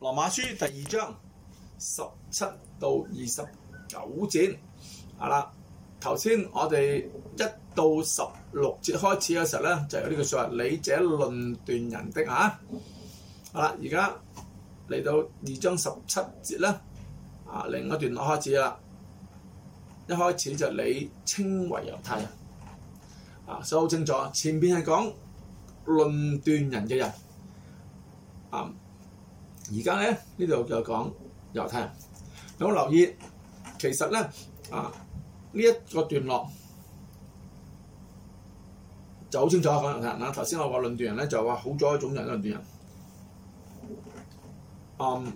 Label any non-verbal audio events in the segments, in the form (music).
羅馬書第二章十七到二十九節，係啦，頭先我哋一到十六節開始嘅時候咧，就有呢句說話：你者論斷人的啊，好啦，而家嚟到二章十七節咧，啊，另一段落開始啦，一開始就你稱為猶太人，啊，所以好清楚，前邊係講論斷人嘅人，啊。而家咧，呢度就講猶太人，有冇留意？其實咧啊，呢一個段落就好清楚講猶太人嗱。頭先我話論斷人咧，就話好咗一種人論斷人，嗯，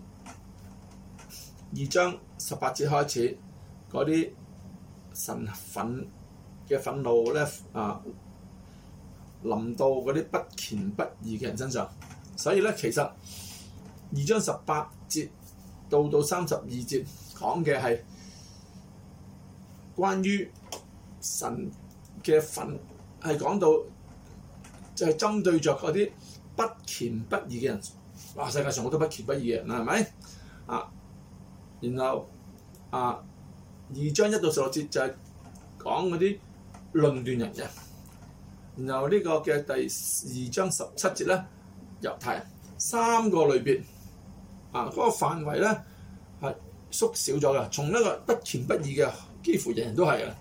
而將十八節開始嗰啲神憤嘅憤怒咧啊，臨到嗰啲不虔不義嘅人身上，所以咧其實。二章十八節到到三十二節講嘅係關於神嘅憤，係講到就係、是、針對着嗰啲不虔不義嘅人。哇！世界上好多不虔不義嘅人，嗱，係咪啊？然後啊，二章一到十六節就係講嗰啲論斷人嘅。然後呢個嘅第二章十七節咧，猶太人三個類別。啊！嗰、那個範圍咧係縮小咗嘅，從呢個不虔不義嘅，幾乎人人都係啊，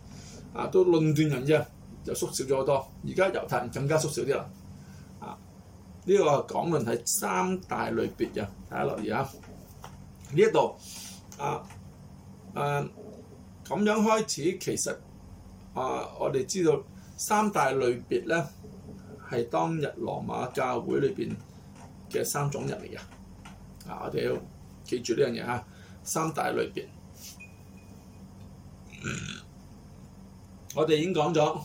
啊都論斷人啫，就縮小咗好多。而家猶太人更加縮小啲啦。啊，呢、這個講論係三大類別嘅，大家留意下呢一度啊誒咁、啊、樣開始，其實啊，我哋知道三大類別咧係當日羅馬教會裏邊嘅三種人嚟嘅。啊！我哋要記住呢樣嘢吓，三大類別、嗯。我哋已經講咗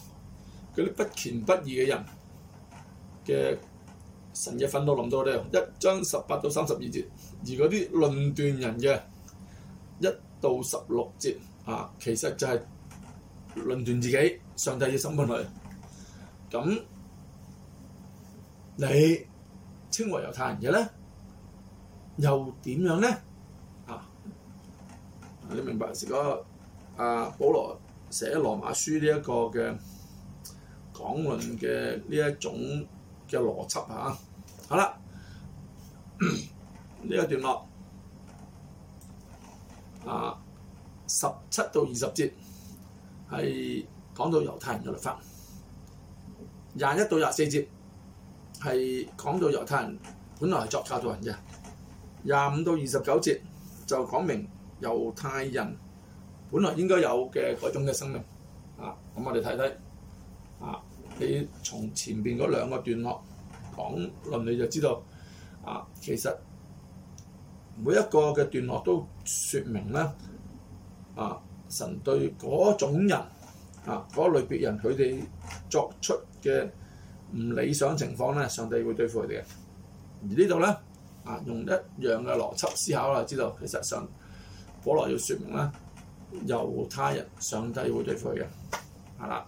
嗰啲不虔不義嘅人嘅神嘅憤怒諗多，我哋，一章十八到三十二節；而嗰啲論斷人嘅一到十六節，啊，其實就係論斷自己，上帝嘅審判來。咁你稱為猶太人嘅咧？又點樣咧？啊，你明白？而家阿保羅寫羅馬書呢一個嘅講論嘅呢一種嘅邏輯嚇、啊。好啦，呢一段落啊，十七到二十節係講到猶太人嘅律法，廿一到廿四節係講到猶太人本來係作教導人嘅。廿五到二十九節就講明猶太人本來應該有嘅嗰種嘅生命，啊，咁我哋睇睇，啊，你從前邊嗰兩個段落講論，你就知道，啊，其實每一個嘅段落都說明咧，啊，神對嗰種人，啊，嗰類別人，佢哋作出嘅唔理想情況咧，上帝會對付佢哋嘅，而呢度咧。啊！用一樣嘅邏輯思考啦，知道其實上保羅要説明咧，猶太人上帝會對佢嘅啊！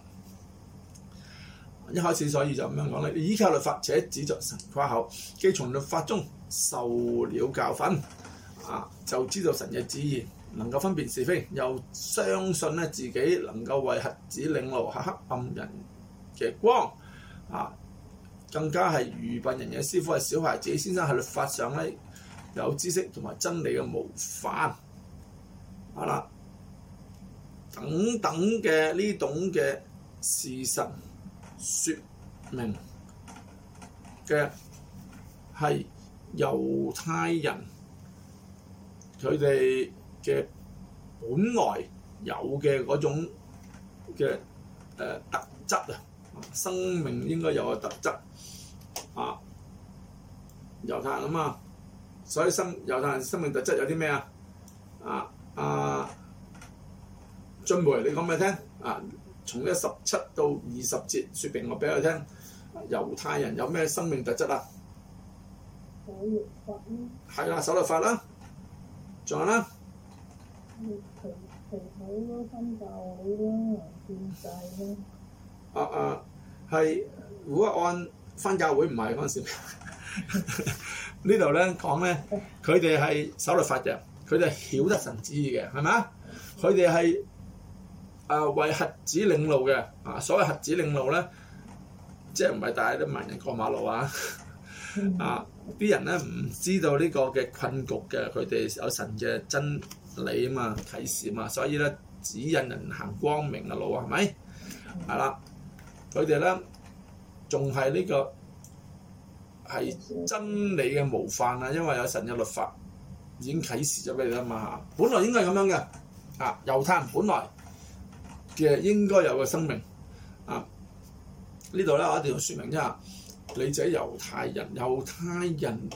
一開始所以就咁樣講咧，依靠律法且指著神誇口，既從律法中受了教訓啊，就知道神嘅旨意，能夠分辨是非，又相信咧自己能夠為瞎子領路、黑暗人嘅光啊！更加係愚笨人嘅師傅，係小孩子先生，喺律法上呢有知識同埋真理嘅模範，啊啦，等等嘅呢種嘅事實説明嘅係猶太人佢哋嘅本來有嘅嗰種嘅誒、呃、特質啊，生命應該有嘅特質。猶太人啊嘛，所以生猶太人生命特質有啲咩啊？啊啊，俊梅，你講俾我聽啊！從一十七到二十節，説明我俾你聽，猶太人有咩生命特質啊？守律法啦，係啦、啊，守律法啦、啊，仲有啦、啊啊啊啊。啊啊，係如果按返教會唔係嗰陣時？ (laughs) 呢度咧講咧，佢哋係守律法嘅，佢哋曉得神旨意嘅，係咪啊？佢哋係誒為瞎子領路嘅，啊，所謂瞎子領路咧，即係唔係大家都盲人過馬路啊？啊，啲人咧唔知道呢個嘅困局嘅，佢哋有神嘅真理啊嘛，啟示嘛，所以咧指引人行光明嘅路啊，係咪？係啦，佢哋咧仲係呢、這個。係真理嘅模範啊！因為有神嘅律法已經啟示咗俾你啦嘛嚇，本來應該係咁樣嘅啊，猶太人本來嘅應該有個生命啊，呢度咧我一定要説明一下，你者喺猶太人，猶太人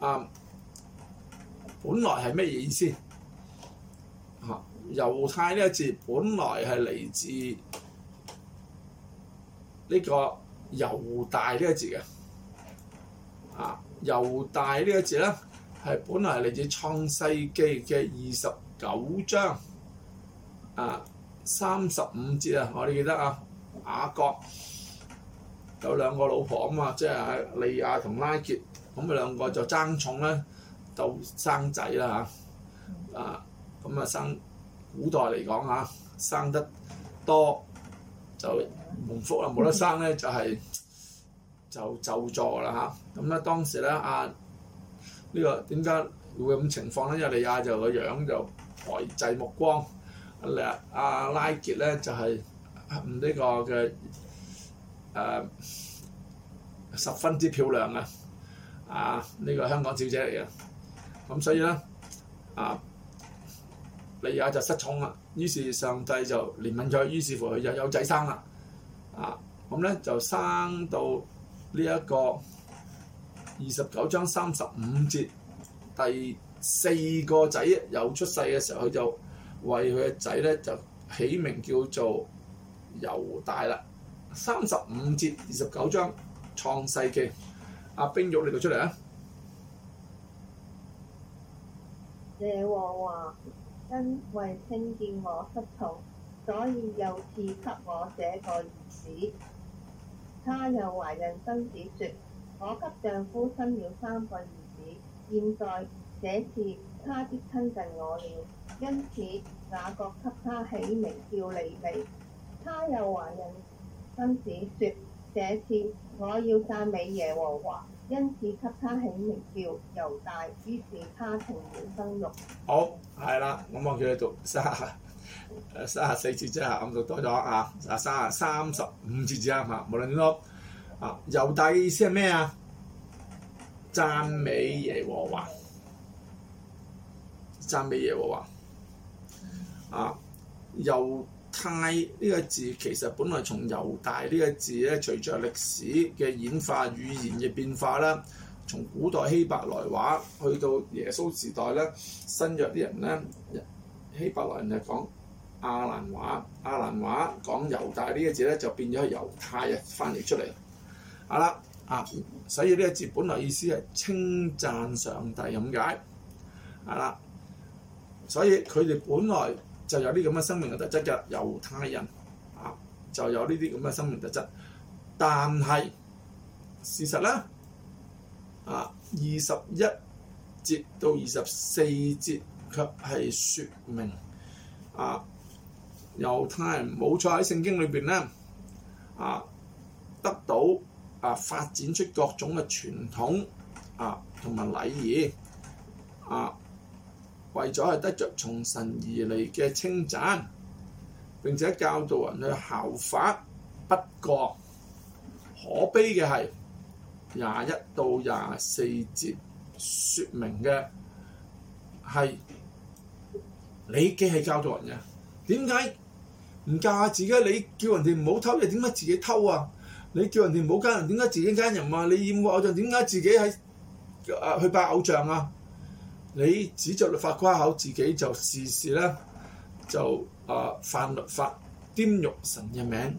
啊，本來係咩意思？啊，猶太呢個字本來係嚟自呢個猶大呢個字嘅。啊，猶大一呢個字咧，係本來嚟自創世記嘅二十九章啊，三十五節啊，我哋記得啊，雅各有兩個老婆啊嘛，即係利亞同拉結，咁啊兩個就爭寵咧，就生仔啦嚇，啊，咁啊生、嗯嗯嗯嗯嗯嗯嗯、古代嚟講嚇，生得多就蒙福啊，冇得生咧就係、是。就就座啦嚇，咁咧，當時咧阿，呢個點解會咁情況咧？因為利亞就個樣就呆滯目光，阿、阿拉傑咧就係呢個嘅誒十分之漂亮嘅啊，呢個香港小姐嚟嘅咁，所以咧啊利亞就失寵啦。於是上帝就憐憫佢，於是乎就有仔生啦啊！咁咧就生到。呢一、這個二十九章三十五節第四個仔又出世嘅時候，佢就為佢嘅仔咧就起名叫做猶大啦。三十五節二十九章創世記，阿、啊、冰玉你到出嚟啊！耶和華因為聽見我失寵，所以又賜給我這個兒子。她又懷孕生子，說：我給丈夫生了三個兒子，現在這次他親近我了，因此那個給他起名叫利未。她又懷孕生子，說：這次我要讚美耶和華，因此給他起名叫猶大。於是他從了生育。好，係啦，我望住你讀， (laughs) 卅四字啫，咁就多咗啊！啊，卅三,三十五字啫嘛，啊，無論點都啊。猶大嘅意思係咩啊？讚美耶和華，讚美耶和華啊！猶太呢個字其實本來從猶大呢個字咧，隨着歷史嘅演化，語言嘅變化啦，從古代希伯來話去到耶穌時代咧，新約啲人咧，希伯來人嚟講。亞蘭話，亞蘭話講猶大呢個字咧，就變咗係猶、啊、猶太人。翻譯出嚟啊啦啊，所以呢個字本來意思係稱讚上帝，咁解啊啦。所以佢哋本來就有啲咁嘅生命嘅特質嘅猶太人啊，就有呢啲咁嘅生命特質，但係事實咧啊，二十一節到二十四節卻係説明啊。猶太人冇錯喺聖經裏邊咧，啊得到啊發展出各種嘅傳統啊同埋禮儀啊，為咗係得着從神而嚟嘅稱讚，並且教導人去效法。不過可悲嘅係廿一到廿四節説明嘅係你既係教導人嘅，點解？唔教自己，你叫人哋唔好偷，你點解自己偷啊？你叫人哋唔好奸人，點解自己奸人啊？你厭惡偶像，點解自己喺啊去拜偶像啊？你指着律法誇口，自己就事事咧就啊犯律法，玷辱神嘅名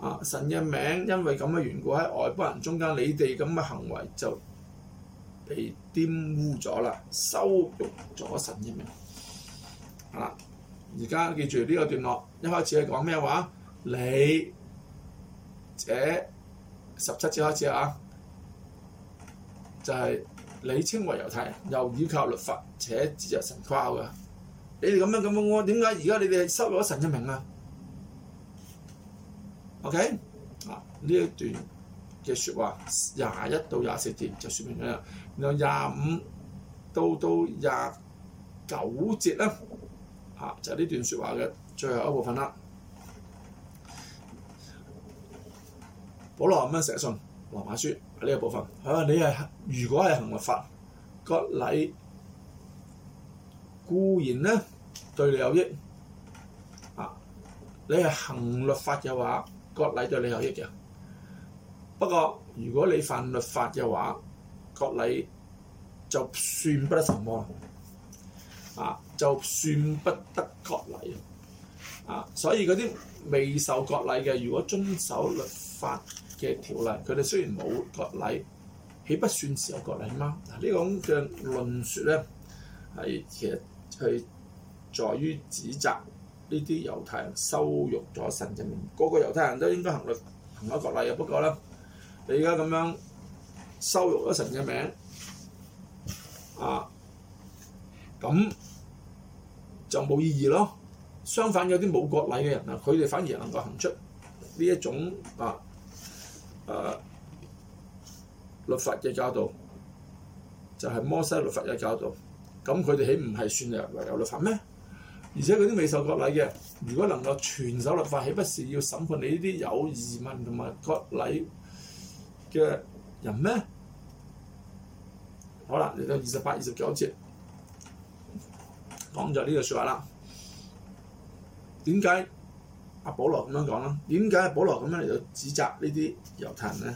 啊！神嘅名，因為咁嘅緣故，喺外邦人中間，你哋咁嘅行為就被玷污咗啦，羞辱咗神嘅名啊！而家記住呢、這個段落，一開始係講咩話、啊？你且十七節開始啊，就係你稱為猶太人，又倚靠律法，且指著神誇嘅。你哋咁樣咁樣，我點解而家你哋收咗神一名啊？OK，啊呢一段嘅説話廿一到廿四節就説明咗啦，然後廿五到到廿九節咧、啊。啊、就係、是、呢段説話嘅最後一部分啦。保羅咁樣寫信，羅馬書呢個部分。啊，你係如果係行律法，割禮固然咧對你有益。啊，你係行律法嘅話，割禮對你有益嘅。不過，如果你犯律法嘅話，割禮就算不得什麼。啊！就算不得割禮啊！所以嗰啲未受割禮嘅，如果遵守律法嘅條例，佢哋雖然冇割禮，豈不算是有割禮嗎？啊、種說呢種嘅論説咧，係其實係在於指責呢啲猶太人羞辱咗神嘅名。個個猶太人都應該行律行嗰個割禮啊！不過咧，你而家咁樣羞辱咗神嘅名啊，咁～就冇意義咯。相反，有啲冇割禮嘅人啊，佢哋反而能夠行出呢一種啊誒、啊、律法嘅教導，就係、是、摩西律法嘅教導。咁佢哋豈唔係算係違有律法咩？而且嗰啲未受割禮嘅，如果能夠全守律法，豈不是要審判你呢啲有儀文同埋割禮嘅人咩？好啦，嚟到二十八、二十九節。講咗呢個説話啦。點解阿保羅咁樣講啦？點解阿保羅咁樣嚟到指責呢啲猶太人咧？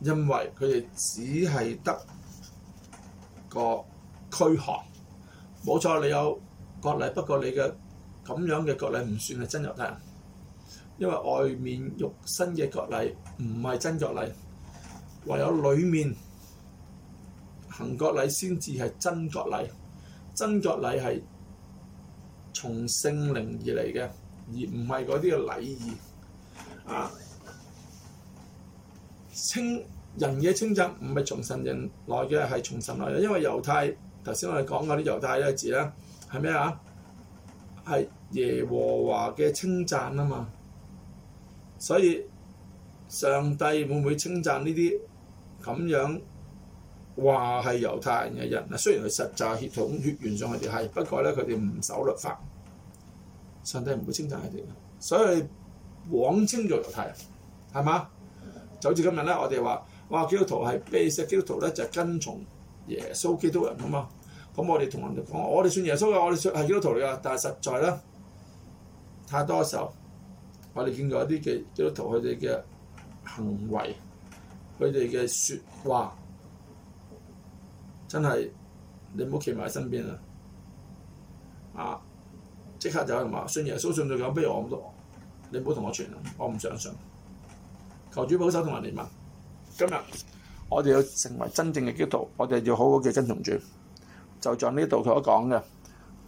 因為佢哋只係得個驅寒，冇錯。你有割禮，不過你嘅咁樣嘅割禮唔算係真猶太人，因為外面肉身嘅割禮唔係真割禮，唯有裡面行割禮先至係真割禮。真割禮係從聖靈而嚟嘅，而唔係嗰啲嘅禮儀。啊，稱人嘅稱讚唔係從神人來嘅，係從神來嘅。因為猶太頭先我哋講過啲猶太嘅字咧，係咩啊？係耶和華嘅稱讚啊嘛。所以上帝會唔會稱讚呢啲咁樣？話係猶太人嘅人嗱，雖然佢實在血統血緣上佢哋係，不過咧佢哋唔守律法，上帝唔會稱讚佢哋。所以往稱做猶太人係嘛？就好似今日咧，我哋話哇，基督徒係咩色？基督徒咧就係、是、跟從耶穌基督人啊嘛。咁我哋同人哋講，我哋算耶穌嘅，我哋係基督徒嚟噶。但係實在咧，太多時候我哋見過一啲嘅基督徒佢哋嘅行為，佢哋嘅説話。真係你唔好企埋喺身邊啊！啊，即刻就係話信耶穌信到咁，不如我咁多。你唔好同我傳、啊，我唔想信。求主保守同埋憐憫。今日我哋要成為真正嘅基督徒，我哋要好好嘅跟從主。就像呢度所講嘅，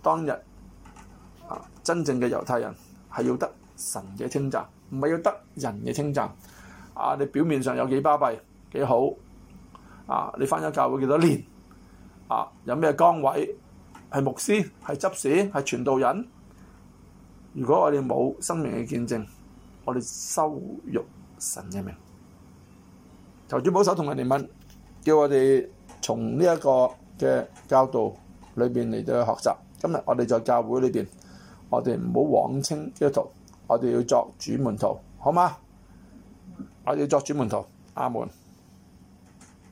當日啊，真正嘅猶太人係要得神嘅稱讚，唔係要得人嘅稱讚。啊，你表面上有幾巴閉幾好啊？你翻咗教會幾多年？啊！有咩崗位？係牧師，係執事，係傳道人。如果我哋冇生命嘅見證，我哋羞辱神嘅名。求主保守同人哋問，叫我哋從呢一個嘅教導裏邊嚟到去學習。今日我哋在教會裏邊，我哋唔好妄稱基督徒，我哋要作主門徒，好嗎？我哋要作主門徒，阿門。